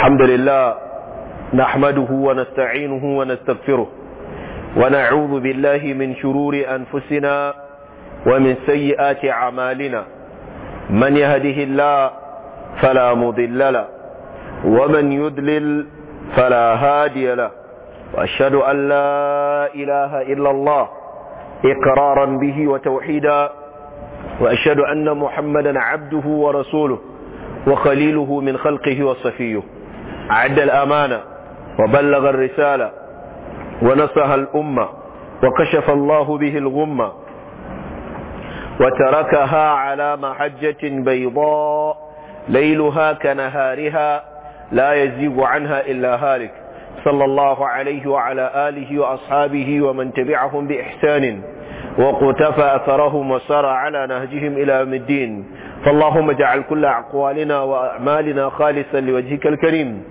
الحمد لله نحمده ونستعينه ونستغفره ونعوذ بالله من شرور أنفسنا ومن سيئات أعمالنا من يهده الله فلا مضل له ومن يدلل فلا هادي له وأشهد أن لا إله إلا الله إقرارا به وتوحيدا وأشهد أن محمدا عبده ورسوله وخليله من خلقه وصفيه أعد الأمانة وبلغ الرسالة ونصها الأمة وكشف الله به الغمة وتركها على محجة بيضاء ليلها كنهارها لا يزيغ عنها إلا هالك صلى الله عليه وعلى آله وأصحابه ومن تبعهم بإحسان وقتفى أثرهم وسار على نهجهم إلى يوم الدين فاللهم اجعل كل أقوالنا وأعمالنا خالصا لوجهك الكريم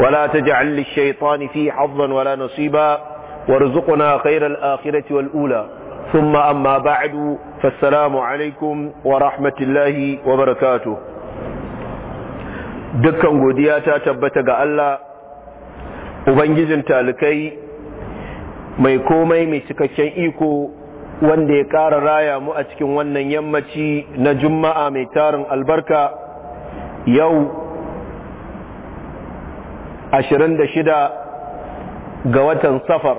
ولا تجعل للشيطان فيه حظا ولا نصيبا وارزقنا خير الآخرة والأولى ثم أما بعد فالسلام عليكم ورحمة الله وبركاته dukkan godiya ta tabbata ga Allah Ubangijin talikai mai komai mai cikakken iko wanda ya ƙara raya mu a cikin wannan yammaci na juma'a mai tarin albarka yau 26 ga watan safar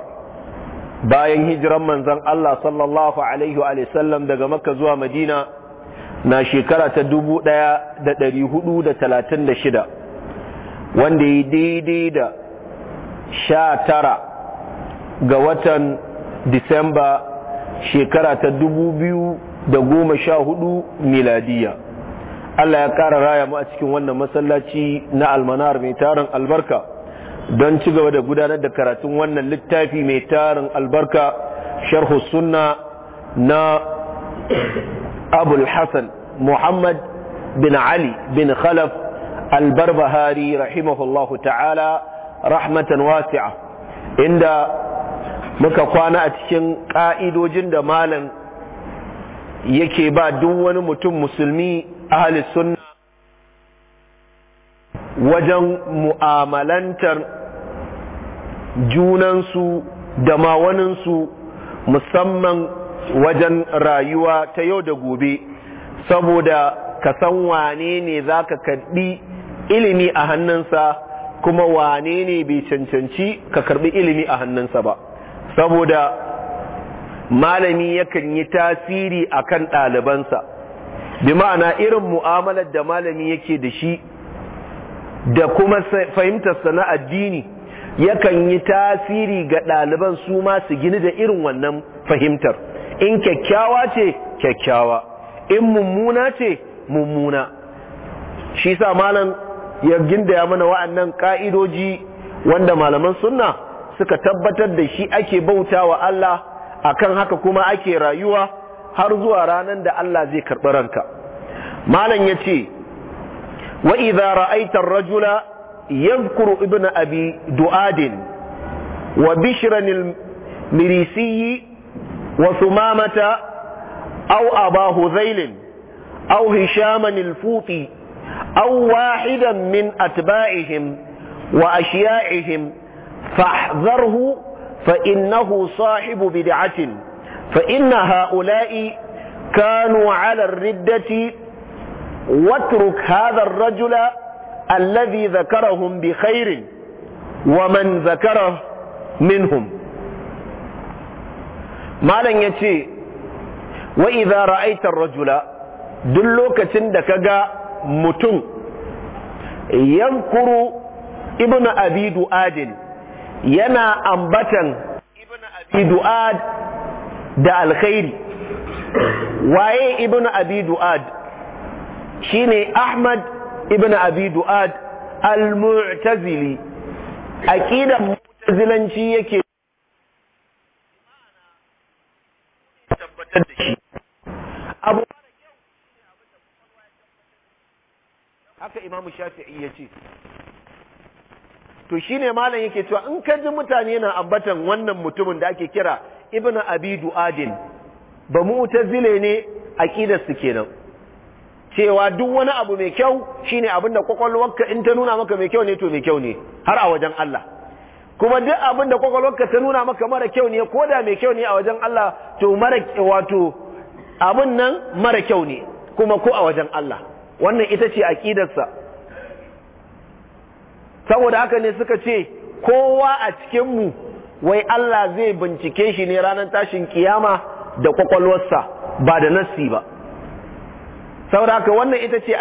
bayan hijiran manzan Allah sallallahu alaihi wa sallam daga makka zuwa madina na shekara ta 1436 wanda yi daidai da 19 ga watan disamba shekara ta 2014 miladiya Allah ya ƙara raya mu a cikin wannan masallaci na almanar mai tarin albarka don ci gaba da gudanar da karatun wannan littafi mai tarin albarka sharhu sunna na abul hassan muhammad bin ali bin khalaf albarbahari rahimahullahu ta'ala rahmatan wasi'a inda muka kwana a cikin ƙa'idojin da malam yake ba duk wani mutum musulmi ahli sunna wajen mu'amalantar junansu da mawaninsu musamman wajen rayuwa ta yau da gobe saboda ka san wane ne za ka karɓi ilimi a hannunsa kuma wane ne bai cancanci ka karɓi ilimi a hannunsa ba saboda malami yakan yi tasiri akan ɗalibansa bi ma'ana irin mu'amalar da malami yake da shi da kuma fahimtarsa na addini yakan yi tasiri ga ɗaliban su ma su gini da irin wannan fahimtar in kyakkyawa ce kyakkyawa in mummuna ce mummuna shi sa malam ya gindaya mana wa'annan ka'idoji wanda malaman sunna suka tabbatar da shi ake bauta wa Allah akan haka kuma ake rayuwa har zuwa ranar da Allah zai karɓi ranka malam ya ce wa idza ra'aita ar-rajula yadhkuru ibn abi du'adin wa bishran al-mirisi wa sumamata aw aba hudhail aw hishaman al-futi aw wahidan min atba'ihim wa ashiya'ihim fahdharhu fa innahu sahibu bid'atin فإن هؤلاء كانوا على الردة واترك هذا الرجل الذي ذكرهم بخير ومن ذكره منهم ما لن يتي وإذا رأيت الرجل دلوك تندك متن ينكر ابن أبي دؤاد ينا أنبتا ابن أبي دؤاد da alkhairi waye ibn abi du'ad shine ahmad ibn abi du'ad al-mu'tazili aqidan mu'tazilanci yake haka imamu shafi'i ya ce to shine malam yake cewa in ka ji mutane na ambatan wannan mutumin da ake kira ibn abi du'adin ba mu'tazile ne aqidar su kenan cewa duk wani abu mai kyau shine abinda kwakwalwarka in ta nuna maka mai kyau ne to mai kyau ne har a wajen Allah kuma duk abinda kwakwalwarka ta nuna maka mara kyau ne ko da mai kyau ne a wajen Allah to mara wato abin nan mara kyau ne kuma ko a wajen Allah wannan ita ce aqidarsa saboda haka ne suka ce kowa a cikin mu wai Allah zai bincike shi ne ranar tashin kiyama da kwakwalwarsa ba da nassi ba sauraka wannan ita ce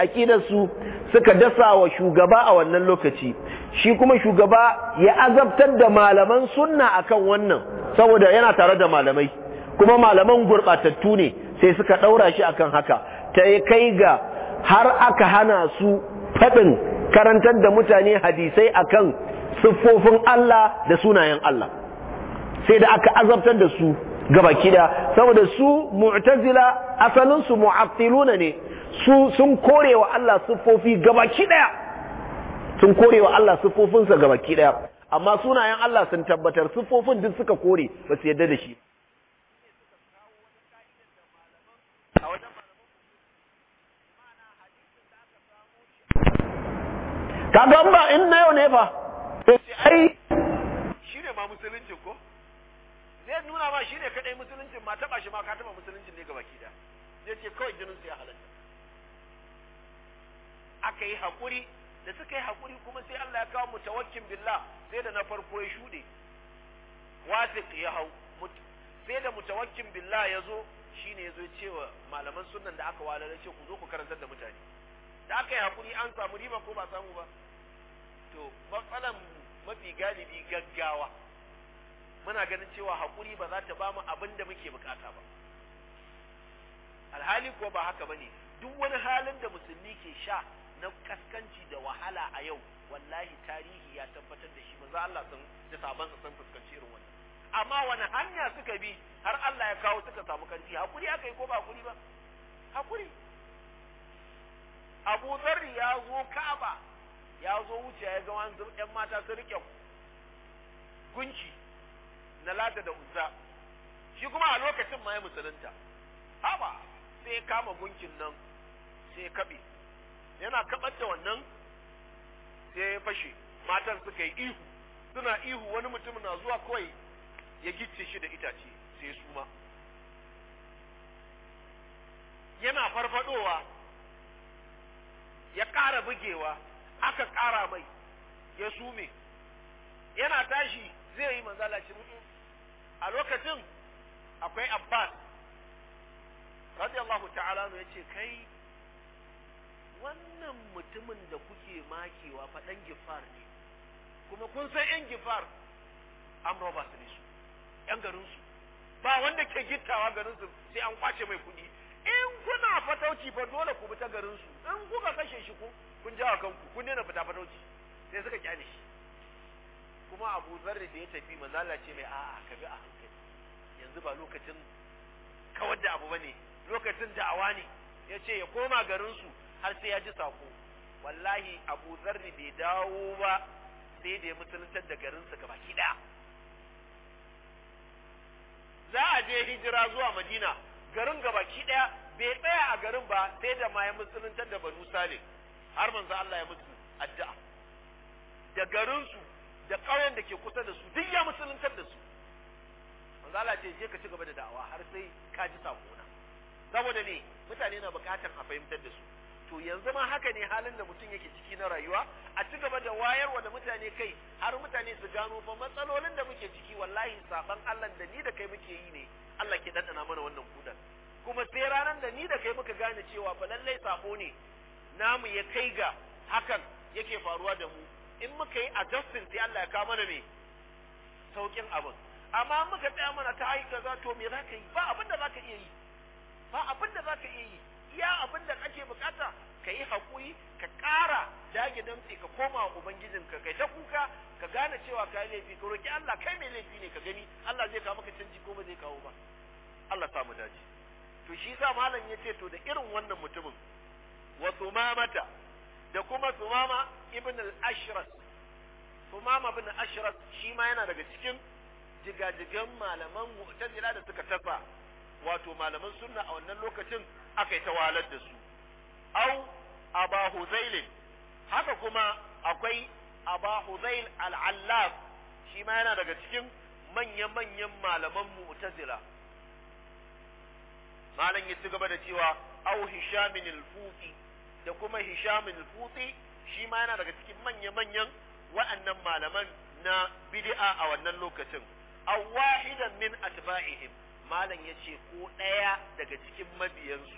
su, suka dasa wa shugaba a wannan lokaci shi kuma shugaba ya azabtar da malaman sunna akan wannan saboda yana tare da malamai kuma malaman gurɓatattu ne sai suka ɗaura shi akan haka ta kai ga har aka hana su faɗin karantar da mutane hadisai akan siffofin Allah da sunayen Allah sai da aka azabtar da su gabaki da saboda su mu'tazila asalin su mu'attiluna ne su sun korewa Allah sufofi gabaki daya sun korewa Allah siffofinsa gabaki daya amma sunayen Allah sun tabbatar sufofin duk suka kore ba su yadda da shi kaga ba in na yau ne ba. sai eh, ai shine ma musulunci ko zai nuna ma shi ne kaɗai musuluncin ma taɓa shi ma ka taɓa musuluncin ne ga baki da zai ce kawai jinin su ya halatta aka yi haƙuri da suka yi haƙuri kuma sai Allah ya kawo mutawakkin billah sai da na farko ya shuɗe wasiq ya hau sai da mutawakkin billah ya zo shi ne ya zo cewa malaman sunan da aka walala ce ku zo ku karantar da mutane da aka yi haƙuri an samu riba ko ba samu ba to matsalan mafi galibi gaggawa muna ganin cewa hakuri ba za ta ba mu abin da muke bukata ba alhali kuwa ba haka bane duk wani halin da musulmi ke sha na kaskanci da wahala a yau wallahi tarihi ya tabbatar da shi maza Allah sun da saban sun fuskanci irin wannan amma wani hanya suka bi har Allah ya kawo suka samu kanci hakuri aka yi ko ba hakuri ba hakuri Abu Zarri ya zo Ka'aba ya zo wuce ya ga wani 'yan mata su rike gunci da lata da uzza shi kuma a lokacin ma ya musulunta haba sai kama gunkin nan sai kabe yana kaɓar da wannan sai ya fashe matan suka yi ihu suna ihu wani mutum na zuwa kawai ya gicce shi da itace sai suma yana farfadowa ya ƙara bugewa aka ƙara mai ya sume yana tashi zai yi manzala shi mm, mm, a lokacin akwai abbas radiyallahu ta'ala ya ce kai wannan mutumin da kuke makewa faɗan gifar ne kuma kun san 'yan gifar an roba su ne su 'yan garinsu ba wanda ke gittawa garinsu sai an kwace mai kuɗi in kuna fatauci fa dole ku bi ta garinsu in kuka kashe shi ku kun jawa kanku kun nena fita fatauci sai suka kyale shi kuma abu zarri da ya tafi manzala ce mai a'a ka bi a hankali yanzu ba lokacin kawar da abu bane lokacin da'awa ne ya ce ya koma garinsu har sai ya ji sako wallahi abu zarri bai dawo ba sai da ya mutuntar da su gaba kida za a je hijira zuwa madina garin gaba kida bai tsaya a garin ba sai da ma ya mutuntar da banu salim har manzo Allah ya mutu addu'a da garinsu da ƙauyen da ke kusa da su duk ya musuluntar da su manzo ce je ka ci gaba da da'awa har sai ka ji sakona saboda ne mutane na bukatar a fahimtar da su to yanzu ma haka ne halin da mutum yake ciki na rayuwa a ci gaba da wayarwa da mutane kai har mutane su gano fa matsalolin da muke ciki wallahi saban Allah da ni da kai muke yi ne Allah ke dandana mana wannan kudan kuma sai ranar da ni da kai muka gane cewa fa lallai sako ne namu ya kai ga hakan yake faruwa da mu in muka yi adjusting sai Allah ya kawo mana me saukin abin amma muka tsaya mana ta hayi kaza to me za ka yi ba abin da za ka iya yi ba abin da za ka iya yi iya abin da ake bukata ka yi haƙuri ka ƙara dage damtse ka koma wa ubangijinka kai ta kuka ka gane cewa ka yi laifi ka roƙi Allah kai mai laifi ne ka gani Allah zai kawo maka canji ko ba zai kawo ba Allah samu dace to shi sa malam ya ce to da irin wannan mutumin wa mata da kuma sumama ibn al-ashras sumama ibn ashras shi ma yana daga cikin jigajigan malaman mu'tazila da suka tafa wato malaman sunna a wannan lokacin aka yi walar da su au aba huzailin haka kuma akwai aba huzail al-allaf shi ma yana daga cikin manya-manyan malaman mu'tazila malam ya ci gaba da cewa au hishamin al-fufi da kuma Hisham al-Futi shi ma yana daga cikin manya-manyan wa'annan malaman na bid'a a wannan lokacin aw wahidan min atba'ihim malam yace ko daya daga cikin mabiyansu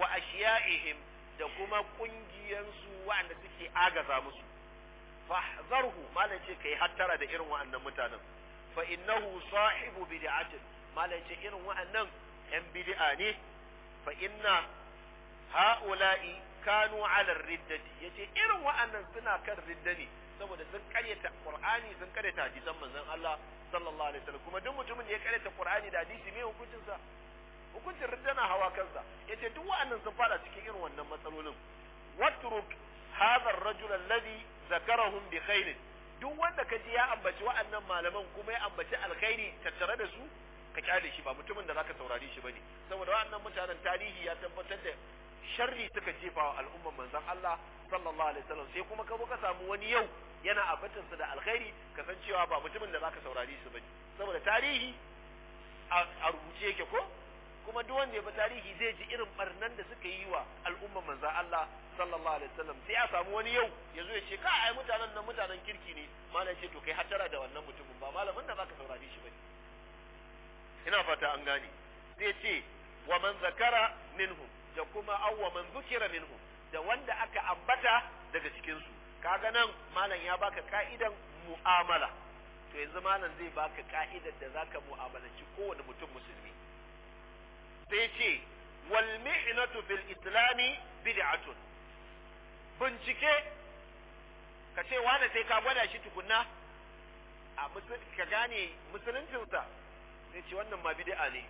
wa ashiya'ihim da kuma kungiyansu wa'anda suke agaza musu fahzarhu malam yace kai hattara da irin wa'annan mutanen fa innahu sahibu bid'atin malam yace irin wa'annan yan bid'a ne fa inna ha'ula'i kanu ala riddati ce irin wa'annan suna kan ridda ne saboda sun karyata qur'ani sun karyata hadisan manzon Allah sallallahu alaihi wasallam kuma duk mutumin da ya karyata qur'ani da hadisi me hukuncin sa hukuncin ridda na hawa kansa yace duk wa'annan sun fada cikin irin wannan matsalolin watruk hadha ar-rajul alladhi zakarahum bi khairin duk wanda kaji ya ambaci wa'annan malaman kuma ya ambaci alkhairi tattare da su ka kyale shi ba mutumin da zaka saurare shi bane saboda wa'annan mutanen tarihi ya tabbatar da sharri suka jefa wa al'umman manzon Allah sallallahu alaihi wasallam sai kuma ka ka samu wani yau yana abatin su da alkhairi ka san cewa ba mutumin da zaka saurari su bane saboda tarihi a rubuce yake ko kuma duk wanda ya bi tarihi zai ji irin barnan da suka yi wa al'umman manzon Allah sallallahu alaihi wasallam sai a samu wani yau yazo ya ce ka ai mutanen nan mutanen kirki ne malam ce to kai hatara da wannan mutumin ba malamin da zaka saurari shi bane ina fata an gane zai ce wa man zakara minhum da kuma awwa man zukira minhu da wanda aka ambata daga cikinsu. su kaga nan malam ya baka ka'idan mu'amala to yanzu malam zai baka ka'idar da zaka mu'amalanci kowane mutum musulmi sai ce wal mihnatu fil islami bid'atun bincike ka ce wani sai ka gwada shi tukunna a ka gane musuluncinsa sai ce wannan ma bid'a ne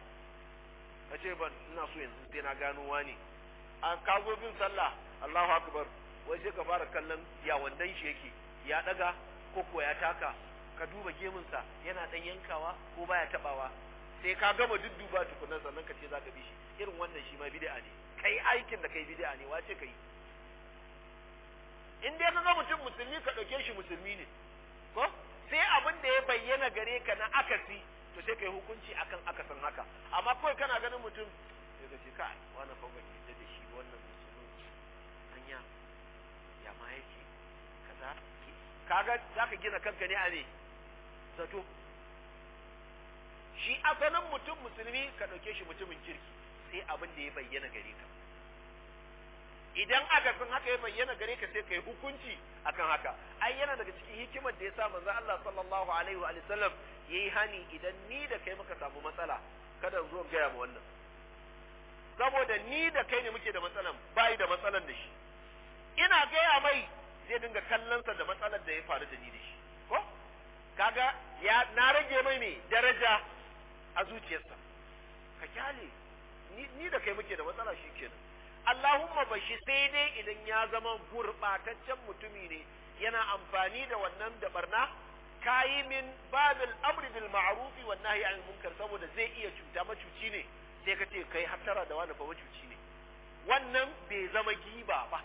ka ce ban ina so yanzu sai na gano wani an kago bin sallah Allahu akbar wai sai ka fara kallon ya wandan shi yake ya daga ko ko ya taka ka duba gemunsa yana dan yankawa ko baya tabawa sai ka gama dudduba tukunan sannan ka ce zaka bi shi irin wannan shi ma bid'a ne kai aikin da kai bid'a ne wace kai in dai ka ga mutum musulmi ka dauke shi musulmi ne ko sai abin da ya bayyana gare ka na akasi to sai kai hukunci akan akasin haka amma kawai kana ganin mutum sai ka ce kai wannan fa baki da shi wannan musulunci hanya ya ma yake kaza kaga zaka gina kanka ne a ne zato shi a ganin mutum musulmi ka ɗauke shi mutumin kirki sai abin da ya bayyana gare ka idan aka san haka ya bayyana gare ka sai kai hukunci akan haka ai yana daga cikin hikimar da ya sa manzo Allah sallallahu alaihi wa sallam Yi hani idan ni da kai muka samu matsala kada zo gaya ma wannan saboda ni da kai ne muke da matsalan bai da matsalan da shi ina gaya mai zai dinga kallonsa da matsalar da ya faru da ni da shi ko kaga ya na rage mai ne daraja a zuciyarsa ka kyale ni da kai muke da matsala shi kenan Allahumma bashi sai dai idan ya zama gurɓataccen mutumi ne yana amfani da wannan da barna kayi min babil amri bil ma'rufi wan nahyi anil munkar saboda zai iya cuta macuci ne sai ka ce kai hattara da wani ba macuci ne wannan bai zama giba ba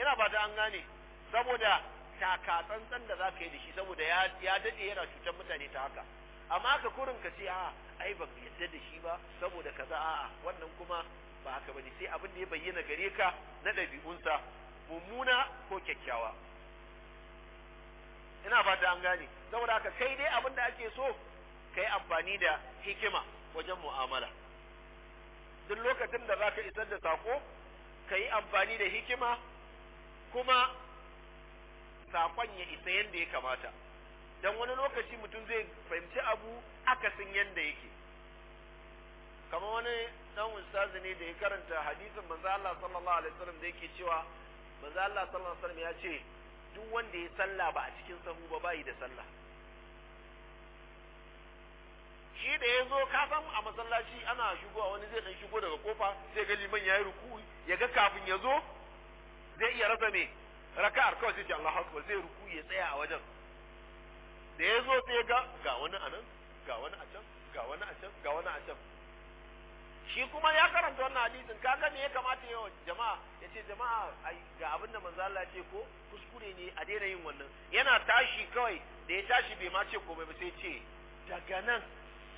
ina ba ta an gane saboda taka tsantsan da zaka yi da shi saboda ya ya dade yana cutar mutane ta haka amma ka kurin ka ce a ai ba yadda da shi ba saboda kaza a wannan kuma ba haka bane sai abin da ya bayyana gare ka na dabi'unsa mummuna ko kyakkyawa ina fata an gane saboda haka kai dai abin da ake so kai amfani da hikima wajen mu'amala duk lokacin da za ka isar da sako kai amfani da hikima kuma sakon ya isa yadda ya kamata dan wani lokaci mutum zai fahimci abu akasin yadda yake kamar wani dan ustazi ne da ya karanta hadisin manzo Allah sallallahu alaihi wasallam da yake cewa manzo Allah sallallahu alaihi wasallam ya ce duk wanda ya sallah ba a cikin sahu ba bayi da sallah shi da ya zo ka san a masallaci ana shigo a wani zai dan shigo daga kofa sai ga liman yayi ruku ya ga kafin ya zo zai iya rasa ne raka'ar kawai sai ji Allahu akbar zai ruku ya tsaya a wajen da ya zo sai ga ga wani anan ga wani a can ga wani a can ga wani a can shi kuma ya karanta wannan hadisin kaga me ya kamata yau jama'a ya ce jama'a ga abin da manzo Allah ce ko kuskure ne a daina yin wannan yana tashi kawai da ya tashi bai ma ce komai ba sai ce daga nan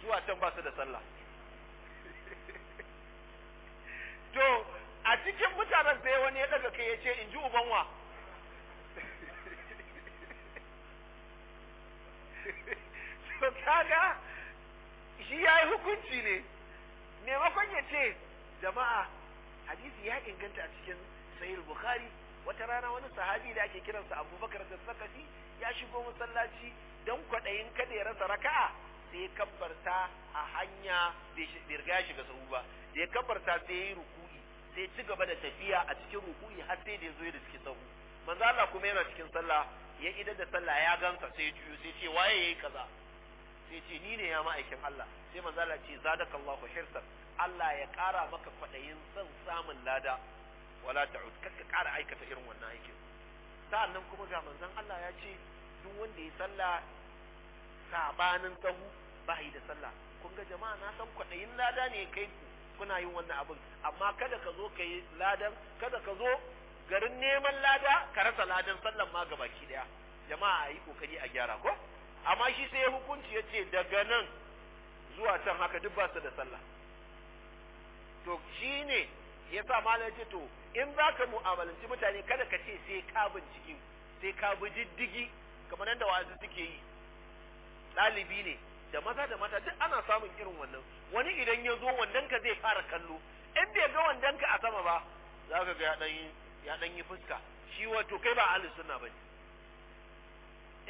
zuwa can ba su da sallah to a cikin mutanen sai wani ya daga kai yace ce in ji ubanwa to kaga shi ya yi hukunci ne maimakon ya ce jama'a hadisi ya inganta a cikin sahih bukhari wata rana wani sahabi da ake kiran kiransa abubakar da sakafi ya shigo masallaci dan kwaɗayin kada ya rasa raka'a sai ya kabbarta a hanya bai riga shiga sahu ba da ya kabbarta sai ya yi ruku'i sai ci gaba da tafiya a cikin ruku'i har sai da ya zo ya cikin sahu manzo Allah kuma yana cikin sallah ya idar da sallah ya gansa sai ya juyo sai ce waye yayi kaza sai ce ni ne ya ma'aikin Allah sai manzala ce zadaka Allah hirsan Allah ya ƙara maka kwaɗayin son samun lada wala ta'ud kakka ƙara aikata irin wannan aikin sa'annan kuma ga manzan Allah ya ce duk wanda ya sallah sabanin sahu ba da sallah kun ga jama'a na san kwaɗayin lada ne kai ku kuna yin wannan abin amma kada ka zo ka yi ladan kada ka zo garin neman lada ka rasa ladan sallan ma baki daya jama'a a yi kokari a gyara ko amma shi sai ya hukunci ya ce daga nan zuwa can haka duk ba su da sallah to shi ne ya sa malam ce to in za ka mu'amalanci mutane kada ka ce sai ka binciki sai ka bi diddigi kamar yadda wa'azi suke yi ɗalibi ne da maza da mata duk ana samun irin wannan wani idan ya zo wannan ka zai fara kallo in bai ga wannan ka a sama ba za ka ga ya ɗan yi fuska shi wato kai ba alisunna ba ne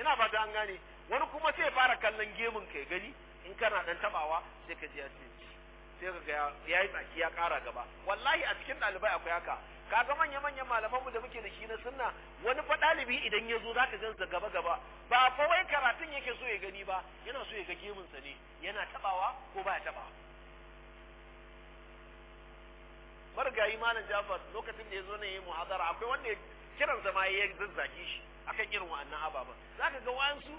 ina fata an gane wani kuma sai fara kallon gemun ka ya gani in kana dan tabawa sai ka ji ya ce sai ka ga ya yi tsaki ya kara gaba wallahi a cikin ɗalibai akwai haka kaga manya manyan malaman mu da muke da shi na sunna wani fa ɗalibi idan ya zo zaka gansa gaba gaba ba fa wai karatun yake so ya gani ba yana so ya ga gemun sa ne yana tabawa ko baya tabawa marigayi malam Jafar lokacin da ya zo ne ya muhadara akwai wanda kiran zama ya zazzaki shi akan irin wa'annan ababen zaka ga wa'ansu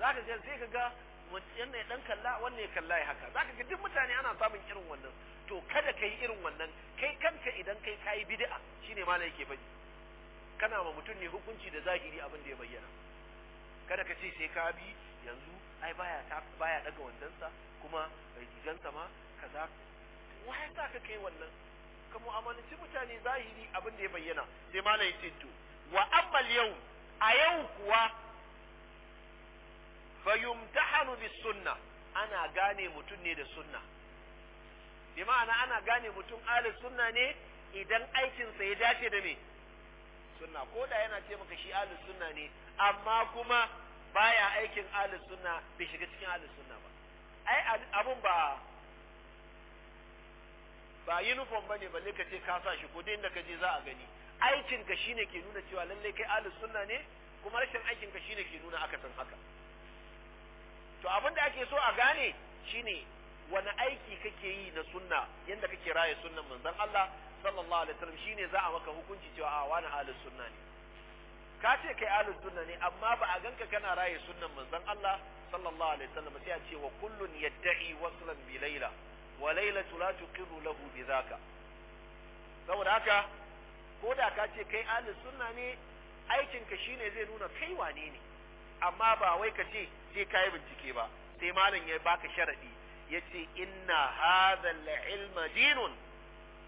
za ka je sai ka ga wannan ya dan kalla wani ya kalla ya haka za ka ga duk mutane ana samun irin wannan to kada ka yi irin wannan kai kanka idan kai ka yi bid'a shine ma yake faɗi kana ma mutum ne hukunci da zahiri abin da ya bayyana kada ka ce sai ka bi yanzu ai baya ta baya daga sa kuma rigansa ma kaza wai sa ka kai wannan ka mu'amalanci mutane zahiri abin da ya bayyana sai malai ce to wa amma yau a yau kuwa fayumtahanu bis sunna ana gane mutum ne da sunna bi ma'ana ana gane mutum ahli sunna ne idan aikinsa ya dace da me sunna ko da yana ce maka shi ahli sunna ne amma kuma baya aikin ahli sunna bai shiga cikin ahli sunna ba ai abun ba ba uniform bane balle ka ce ka sa shi ko dai inda ka je za a gani aikin ka shine ke nuna cewa lallai kai ahli sunna ne kuma rashin aikin ka shine ke nuna san haka to abin da ake so a gane shine wani aiki kake yi na sunna yanda kake raye sunnan manzon Allah sallallahu alaihi wasallam shine za a maka hukunci cewa a ah, wani ahlus sunna ne ka ce kai ahlus sunna ne amma ba a ganka kana raye sunnan manzon Allah sallallahu alaihi wasallam sai a ce wa kullun yad'i waslan bi layla wa laylatu la tuqiru lahu bi dhaka saboda haka ko da ka ce kai ahlus sunna ne aikinka shine zai nuna kai wane ne amma ba wai ka ce sai ka yi bincike ba sai malam ya baka sharadi ya ce inna hadha ilma dinun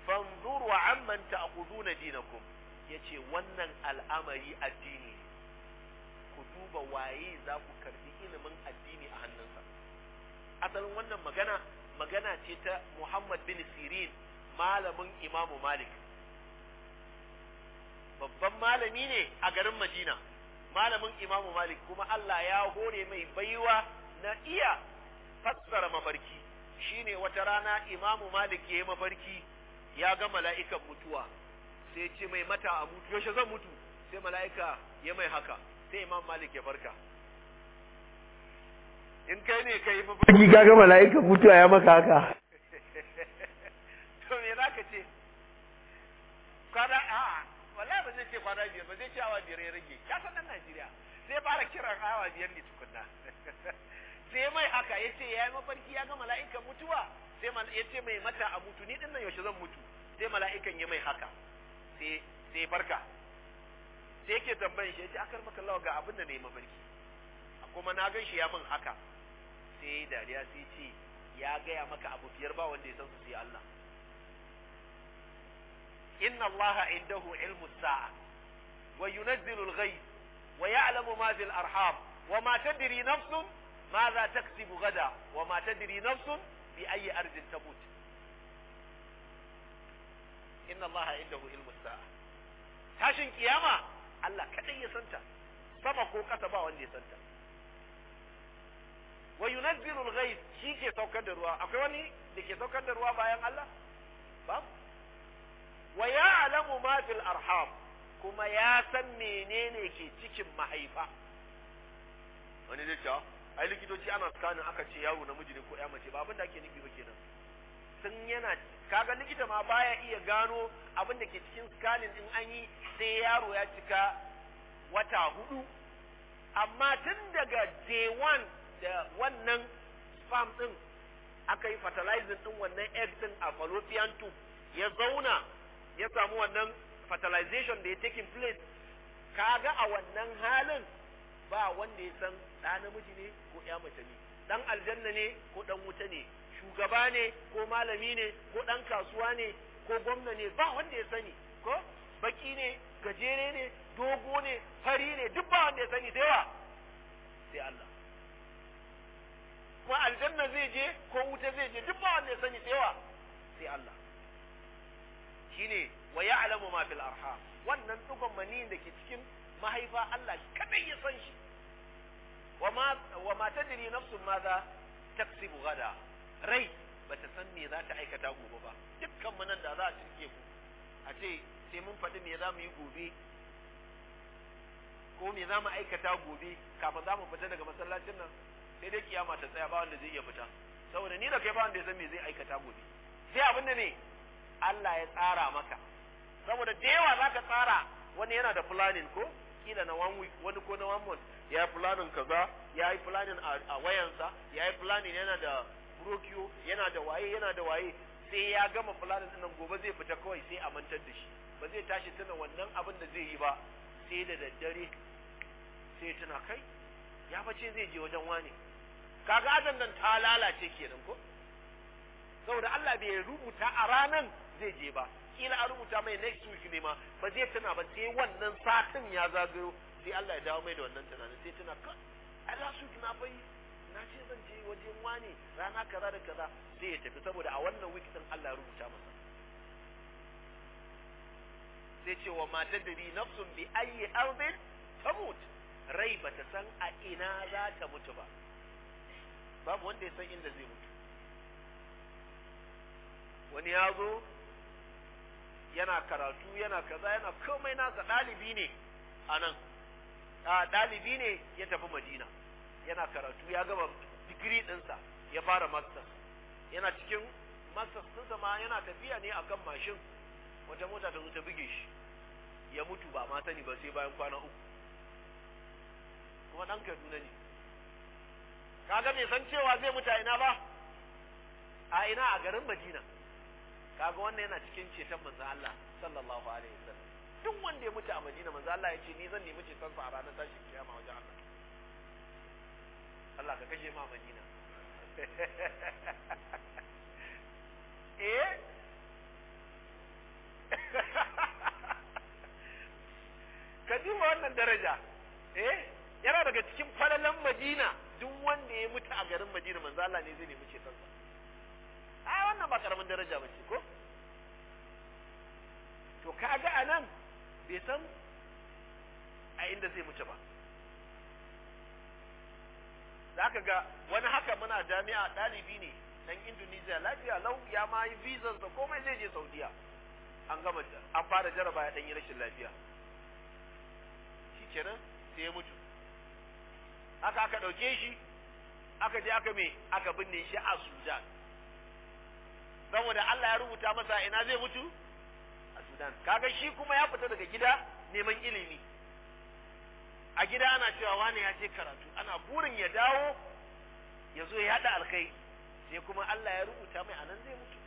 fanzuru amman ta'khuduna dinakum ya ce wannan al'amari addini ku duba waye za ku karbi ilimin addini a hannunsa asalin wannan magana magana ce ta Muhammad bin Sirin malamin Imamu Malik babban malami ne a garin Madina malamin imamu malik kuma Allah ya hore mai baiwa na iya fassara mafarki shine wata rana imamu malik ya yi mafarki ya ga mala'ikan mutuwa sai ce mai mata a mutu yaushe zan mutu sai mala'ika ya mai haka sai imamu malik ya farka in kai ne kai mafarki ka ga mala'ikan mutuwa ya maka haka to me zaka ce kada a kwana biyar ba zai ce awa biyar ya rage ya san nan Najeriya sai fara kiran awa biyar ne tukunna sai mai haka ya ce ya yi mafarki ya ga mala'ika mutuwa sai ya ce mai mata a mutu ni dinnan yaushe zan mutu sai mala'ikan ya mai haka sai sai farka sai yake tambayin shi ya ce akar maka lawa ga abin da na yi mafarki kuma na gan shi ya min haka sai dariya sai ce ya gaya maka abu ba wanda ya san su sai Allah inna Allah indahu ilmu sa'a وينزل الغيث ويعلم ما في الأرحام وما تدري نفس ماذا تكسب غدا وما تدري نفس بأي أرض تموت إن الله عنده علم الساعة تاشن قيامة الله كتي سنتا سما كتبا واندي سنتا وينزل الغيث شيكي توكد الرواء أكواني لكي توكد الرواء بايان الله ويعلم ما في الأرحام kuma ya san menene ke cikin mahaifa wani zai cewa ah, ai likitoci ana sakanin aka ce yaro namiji ne ko ya mace ba abin da ake nufi ba kenan sun yana kaga likita ma baya iya gano abin da ke cikin skalin in an yi sai yaro ya cika wata hudu amma tun daga day one da wannan sperm din aka yi fertilizing din wannan egg din a fallopian tube ya zauna ya samu wannan fertilization da ya taking place kaga a wannan halin ba wanda ya san ɗa namiji ne ko ya mace ne ɗan aljanna ne ko ɗan wuta ne shugaba ne ko malami ne ko ɗan kasuwa ne ko gwamna ne ba wanda ya sani ko baki ne gajere ne dogo ne fari ne duk ba wanda ya sani da yawa sai Allah kuma aljanna zai je ko wuta zai je duk ba wanda ya sani da yawa sai Allah shine wa ya'lamu ma fil arham wannan dugon mani da ke cikin mahaifa Allah kadai ya san shi wa ma wa ma tadri nafsun madha taksibu gada rai ba ta san me za ta aikata gobe ba dukkan mu nan da za a cike ku a ce sai mun faɗi me za mu yi gobe ko me za mu aikata gobe kafin za mu fita daga masallacin nan sai dai kiyama ta tsaya ba wanda zai iya fita saboda ni da kai ba wanda ya san me zai aikata gobe sai abin da ne Allah ya tsara maka saboda da yawa za ka tsara wani yana da planning ko kila na one week wani ko na one month ya yi planning kaza ya yi planning a wayansa ya yi planning yana da brokyo yana da waye yana da waye sai ya gama planning din nan gobe zai fita kawai sai a mantar da shi ba zai tashi tana wannan abin da zai yi ba sai da daddare sai tana kai ya bace zai je wajen wani kaga adan nan ta lalace kenan ko saboda Allah bai rubuta a ranan zai je ba kila a rubuta mai next week ne ma ba zai tuna ba sai wannan satin ya zagayo sai Allah ya dawo mai da wannan tunanin sai tuna ka a last week na bai na ce zan je wajen wani rana kaza da kaza sai ya tafi saboda a wannan week din Allah ya rubuta masa sai ce wa da bi nafsun bi ayi ardin tamut rai bata san a ina za ta mutu ba babu wanda ya san inda zai mutu wani ya zo yana karatu yana kaza yana komai nasa dalibi ne a nan ne ya tafi madina yana karatu ya gama digiri dinsa ya fara masters yana cikin masters sun zama yana tafiya ne akan mashin wata mota ta zo ta buge shi ya mutu ba ma sani ba sai bayan kwana uku kuma ɗan kaduna ne kaga bai san cewa zai mutu a ina ba a ina a garin madina kaga wannan yana cikin ceton manzo Allah sallallahu alaihi wasallam duk wanda ya mutu a Madina manzo Allah ya ce ni zan nemi ceton sa a ranar tashin kiyama wajen Allah Allah ka kashe ma Madina eh ka ji ma wannan daraja eh yana daga cikin falalan Madina duk wanda ya mutu a garin Madina manzo Allah ne zai nemi ceton sa ai wannan ba karamin daraja ba ce ko to kaga a nan bai san a inda zai mutu ba za ka ga wani haka muna jami'a ɗalibi ne dan indonesia lafiya lau ya ma yi vizan sa komai zai je saudiya an gama an fara jaraba ya ɗan yi rashin lafiya shikenan sai ya mutu haka aka ɗauke shi aka je aka me aka binne shi a sudan saboda Allah ya rubuta masa ina zai mutu Sudan kaga shi kuma ya fita daga gida neman ilimi a gida ana cewa wani ya je karatu ana burin ya dawo ya zo ya haɗa alkai sai kuma Allah ya rubuta mai anan zai mutu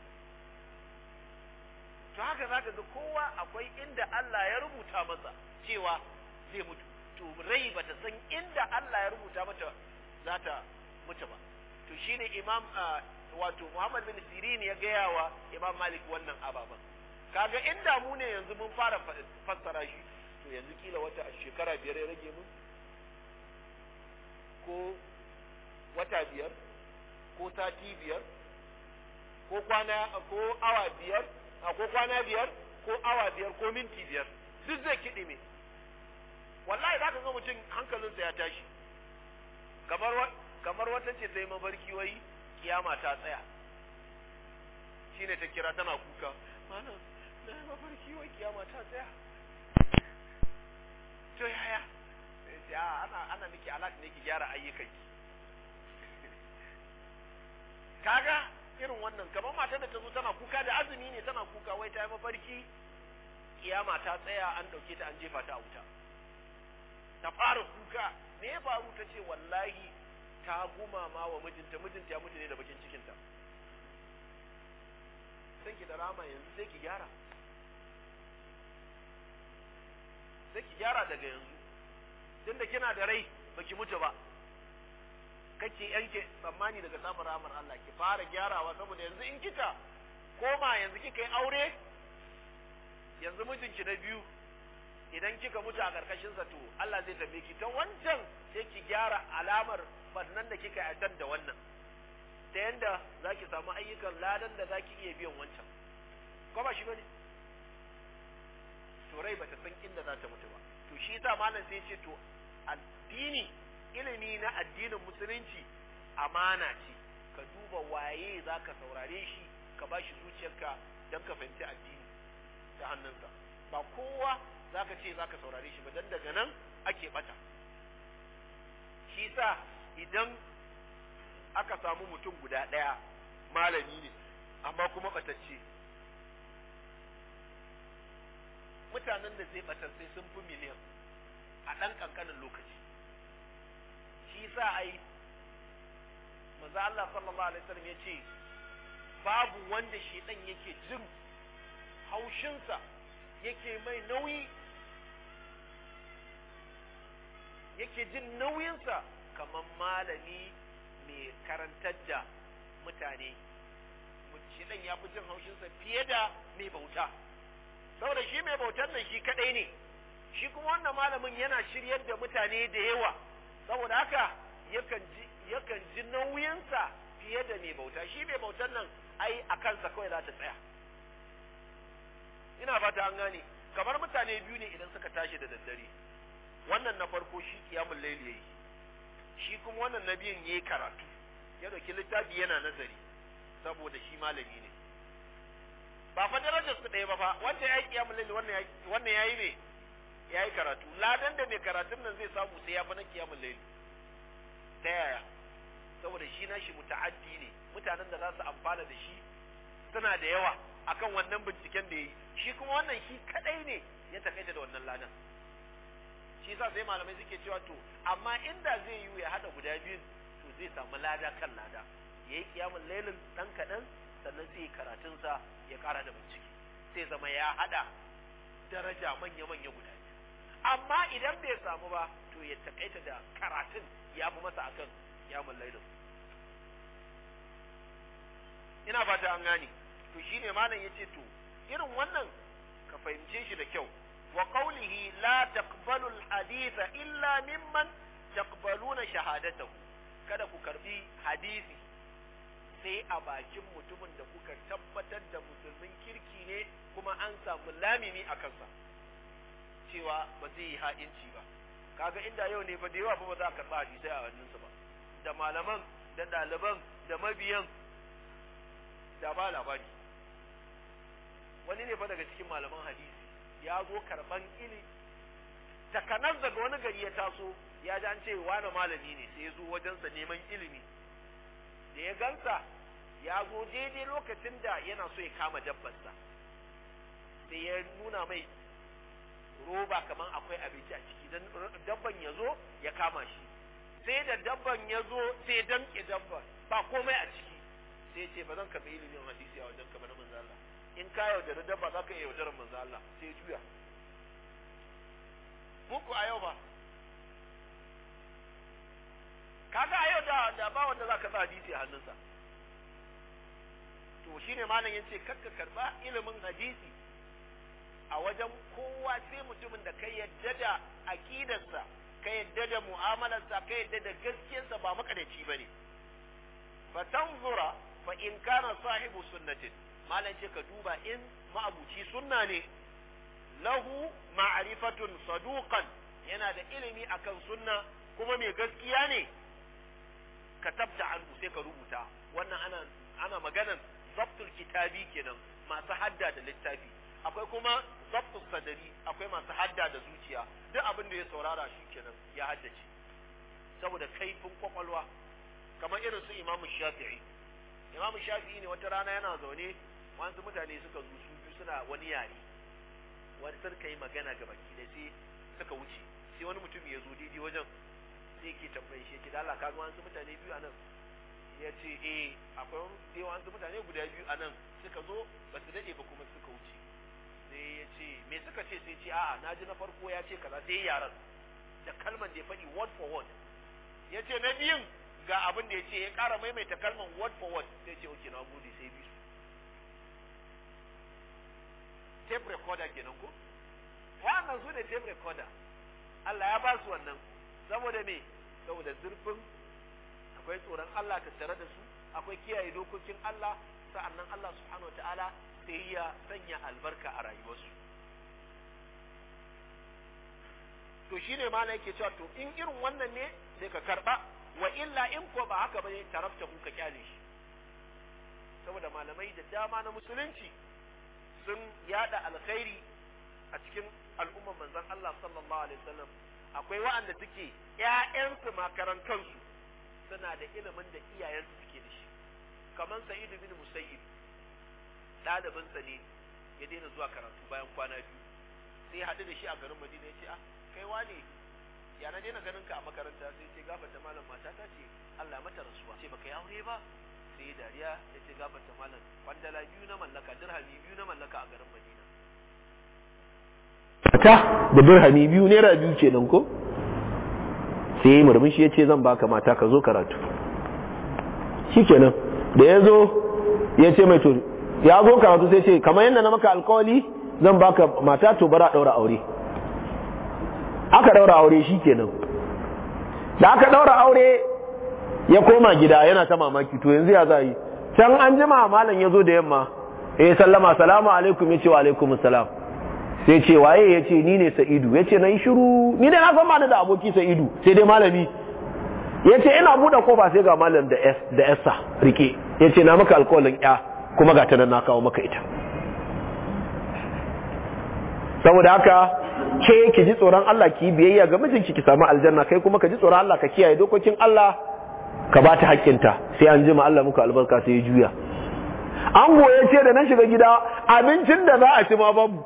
to haka zaka ga kowa akwai inda Allah ya rubuta masa cewa zai mutu to rai bata san inda Allah ya rubuta mata za ta mutu ba to shine imam ah, wato Muhammad bin Sirin ya gaya wa Imam Malik wannan ababan kaga inda mu ne yanzu mun fara fassara shi to yanzu kila wata shekara biyar ya rage mun ko wata biyar ko sati biyar ko kwana ko awa biyar ko kwana biyar ko awa biyar ko minti biyar duk zai kiɗi me wallahi za ka ga mutum hankalinsa ya tashi kamar kamar wata ce ta yi mabarki wai kiyama ta tsaya shine ta kira tana kuka malam na mafarki kiyama ta tsaya to yaya sai ana ana miki alati ne ki gyara ayyukan ki kaga irin wannan kamar matar da ta zo tana kuka da azumi ne tana kuka wai ta yi mafarki kiyama ta tsaya an dauke ta an jefa ta a wuta ta fara kuka me ya faru ta ce wallahi ta gumama wa mijinta mijinta ya mutu ne da bakin cikinta sai ki da rama yanzu sai ki gyara sai ki gyara daga yanzu tunda kina da rai baki mutu ba kake yanke tsammani daga samun ramar Allah ki fara gyarawa saboda yanzu in kika koma yanzu kika yi aure yanzu mijinki na biyu idan kika mutu a karkashin sa to Allah zai tafi ki ta wancan sai ki gyara alamar bannan da kika yi da wannan ta yanda zaki samu ayyukan ladan da zaki iya biyan wancan ko ba shi bane to rai bata san inda za malam sai ce to addini ilimi na addinin musulunci amana ce ka duba waye za ka saurare shi ka ba shi zuciyarka don ka fahimci addini ta hannunsa ba kowa za ka ce za ka saurare shi ba don daga nan ake bata shi sa idan aka samu mutum guda ɗaya malami ne amma kuma batacce. mutanen da zai batar sai sun fi miliyan a ɗan ƙanƙanin lokaci shi sa a yi maza Allah sallallahu alaihi wasallam ya ce babu wanda shi ɗan yake jin haushinsa yake mai nauyi yake jin nauyinsa kamar malami mai karantar da mutane ɗan ya fi jin haushinsa fiye da mai bauta saboda shi mai bautar nan shi kaɗai ne shi kuma wannan malamin yana shiryar da mutane da yawa saboda haka yakan ji nauyinsa fiye da mai bauta shi mai bautan nan ai a kansa kawai za ta tsaya ina fata an gane kamar mutane biyu ne idan suka tashi da daddare wannan na farko shi kiyamun laili yayi shi kuma wannan na biyun yayi karatu ya dauki littafi yana nazari saboda shi malami ne ba fa darajar su ɗaya ba fa wanda ya yi kiyamun laili wannan ya yi ne ya yi karatu ladan da mai karatun nan zai samu sai ya fi na kiyamun laili ta yaya saboda shi na shi muta'addi ne mutanen da za su amfana da shi suna da yawa akan wannan binciken da ya yi shi kuma wannan shi kadai ne ya takaita da wannan ladan shi sa sai malamai suke cewa to amma inda zai yi ya haɗa guda biyu to zai samu lada kan lada ya yi kiyamun lailin dan kaɗan sannan sai karatunsa ya ƙara da bincike sai zama ya hada daraja manya-manya guda amma idan bai samu ba to ya takaita da karatun ya fi masa akan ya mullailin ina fata an gane to shine malam yace to irin wannan ka fahimce shi da kyau wa qawlihi la taqbalu al-hadith illa mimman taqbaluna shahadatahu kada ku karbi hadisi sai a bakin mutumin da kuka tabbatar da musulmin kirki ne kuma an samu lamimi a kansa cewa ba zai yi ha'inci ba kaga inda yau ne fa da yawa fa ba za ka karɓa hadisai a hannunsa ba da malaman da ɗaliban da mabiyan da ba labari wani ne fa daga cikin malaman hadisi ya zo karɓan ili takanas daga wani gari ya taso ya ji an ce wani malami ne sai ya zo wajensa neman ilimi da ya gansa ya zo daidai lokacin da yana so ya kama dabbarsa sai ya nuna mai roba kaman akwai abinci a ciki dan dabban ya zo ya kama shi sai da dabban ya zo sai ke dabban ba komai a ciki sai ce ba zan karɓi ilimin hadisi a wajen kamar manzo Allah in ka yaudara dabba za ka iya yaudarar manzo Allah sai juya muku a yau ba kaga a yau da da ba wanda zaka sa hadisi a hannunsa to shine malamin yace kakka karba ilimin hadisi a wajen kowa sai mutumin da ka yadda da aƙidarsa ka yadda da mu'amalarsa ka yadda da gaskiyarsa ba makadaci ba ne fatanzura fa in kana sahibu sunnatin malam ce ka duba in ma'abuci sunna ne lahu ma'rifatun saduqan yana da ilimi akan sunna kuma mai gaskiya ne ka tabta anhu sai ka rubuta wannan ana ana maganan zabtul kitabi kenan masu hadda da littafi akwai kuma zabtu sadari akwai masu hadda da zuciya duk abin da ya saurara shi kenan ya haddace saboda kaifin kwakwalwa kamar irin su imamu shafi'i imamu shafi'i ne wata rana yana zaune wani mutane suka zo su suna wani yare wani sun kai magana ga baki da sai suka wuce sai wani mutum ya zo daidai wajen sai ke tambaye shi ke dala ka wani mutane biyu a nan ya ce eh akwai wani mutane guda biyu a nan suka zo ba su daɗe ba kuma suka wuce sai ya ce me suka ce sai ce a'a na ji na farko ya ce kaza sai yaran da kalman da ya faɗi word for word ya ce na biyun ga abin da ya ce ya ƙara maimaita kalman word for word sai ce oke na gode sai bi su tape recorder kenan ko wannan su ne tape recorder Allah ya ba su wannan saboda me saboda zurfin akwai tsoron Allah tare da su akwai kiyaye dokokin Allah sa'annan Allah subhanahu wa ta'ala. da ya sanya albarka a rayuwarsu to shine mana yake cewa to in irin wannan ne sai ka karba wa illa in ko ba haka bane tarafta ku ka kyale shi saboda malamai da dama na musulunci sun yada alkhairi a cikin al'ummar manzon Allah sallallahu alaihi wasallam akwai wa'anda suke ƴaƴansu makarantansu suna da ilimin da iyayensu suke da shi kamar sa'idu bin Musayyib ɗalibinsa ne ya daina zuwa karatu bayan kwana biyu sai ya haɗu da shi a garin madina ya ce ah kai wane ya na daina ganin ka a makaranta sai ce gafarta malam mata ta ce Allah mata rasuwa ce baka yi aure ba sai dariya ya ce gafarta malam kwandala biyu na mallaka dirhami biyu na mallaka a garin madina ta da dirhami biyu naira biyu ce nan ko sai shi ya ce zan baka mata ka zo karatu shikenan da ya zo ya ce mai to ya zo karatu sai ce kamar yadda na maka alkawali zan baka mata to bara daura aure aka daura aure shi kenan da aka daura aure ya koma gida yana ta mamaki to yanzu ya za yi can an jima malam ya zo da yamma ya sallama salamu alaikum ya ce wa alaikum salam sai ce waye ya ce ni ne sa'idu ya ce na yi shiru ni ne na san ba da aboki sa'idu sai dai malami ya ce ina buɗe kofa sai ga malam da yasa rike ya ce na maka alkawalin ya kuma ga ta na kawo maka ita saboda haka ke ki ji tsoron Allah ki biyayya ga mijinki ki samu aljanna kai kuma ka ji tsoron Allah ka kiyaye dokokin Allah ka ba ta hakkinta sai an jima Allah muka albarka sai ya juya an goye ce da na shiga gida abincin da za a ci ma babu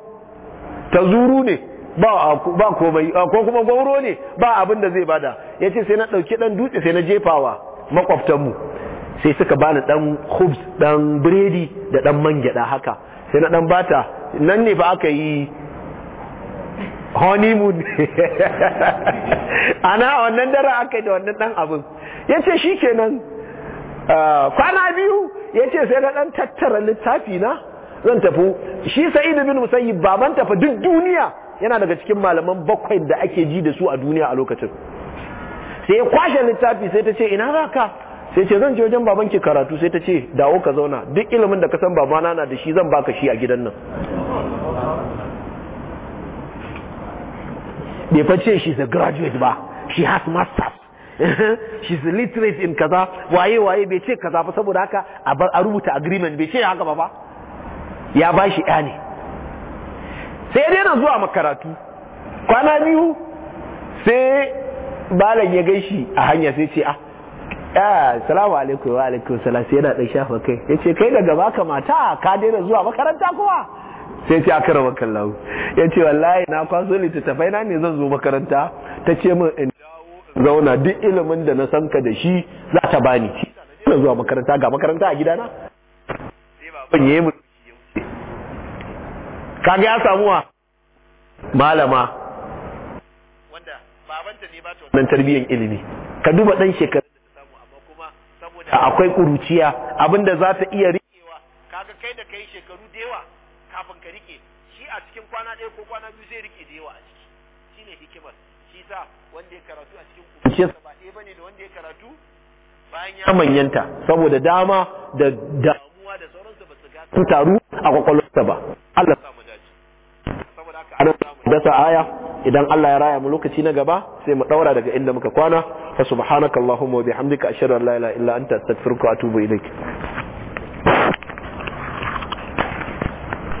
ta zuru ne ba komai ko kuma gauro ne ba abin da zai bada ya ce sai na ɗauki ɗan dutse sai na jefawa makwabtanmu sai suka bani dan hubs dan biredi da dan mangyada haka sai na dan bata nan ne fa aka yi honeymoon ana wannan dare aka yi da wannan dan abin yace shikenan ah, kwana biyu yace sai na dan tattara littafi na zan tafi shi sa'id bin musayyib baban tafa duk duniya yana daga cikin malaman bakwai da ake ji da su a duniya a lokacin sai ya kwashe littafi sai ta ce ina za sai ce zan je wajen baban ki karatu sai ta ce dawo ka zauna duk ilimin da ka san babana na da shi zan baka shi a gidan nan bai fa ce shi is a graduate ba she has masters she's literate in kaza waye waye bai ce kaza ba saboda haka a rubuta agreement bai ce haka ba ba ya ba shi ɗa ne sai dai na zuwa makaratu kwana biyu sai balan ya gaishi a hanya sai ce ah ya salamu alaikum wa alaikum salam sai yana dan shafa kai yace kai daga baka mata ka daina zuwa makaranta kuma sai ta aka raba lawo yace wallahi na kwaso littattafai na ne zan zo makaranta ta ce min in dawo zauna duk ilimin da na san ka da shi za ta bani ina zuwa makaranta ga makaranta a gidana sai baban yayi mu ga ya wa malama wanda babanta ne ba ta wannan tarbiyyar ilimi ka duba dan shekaru akwai kuruciya abinda za ta iya riƙewa kaga kai da kai shekaru da yawa kafin ka rike shi a cikin kwana ɗaya ko kwana biyu zai rike da yawa a ciki shine hikimar shi sa wanda ya karatu a cikin kuruciya ba ɗaya bane da wanda ya karatu bayan ya manyanta saboda dama da damuwa da sauransu ba su ga su taru a kwakwalwarsa ba Allah ya saboda haka ana dasa aya idan Allah ya raya mu lokaci na gaba sai mu daura daga inda muka kwana fa subhanakallahumma wa bihamdika ashhadu an la ilaha illa anta astaghfiruka wa atubu ilaik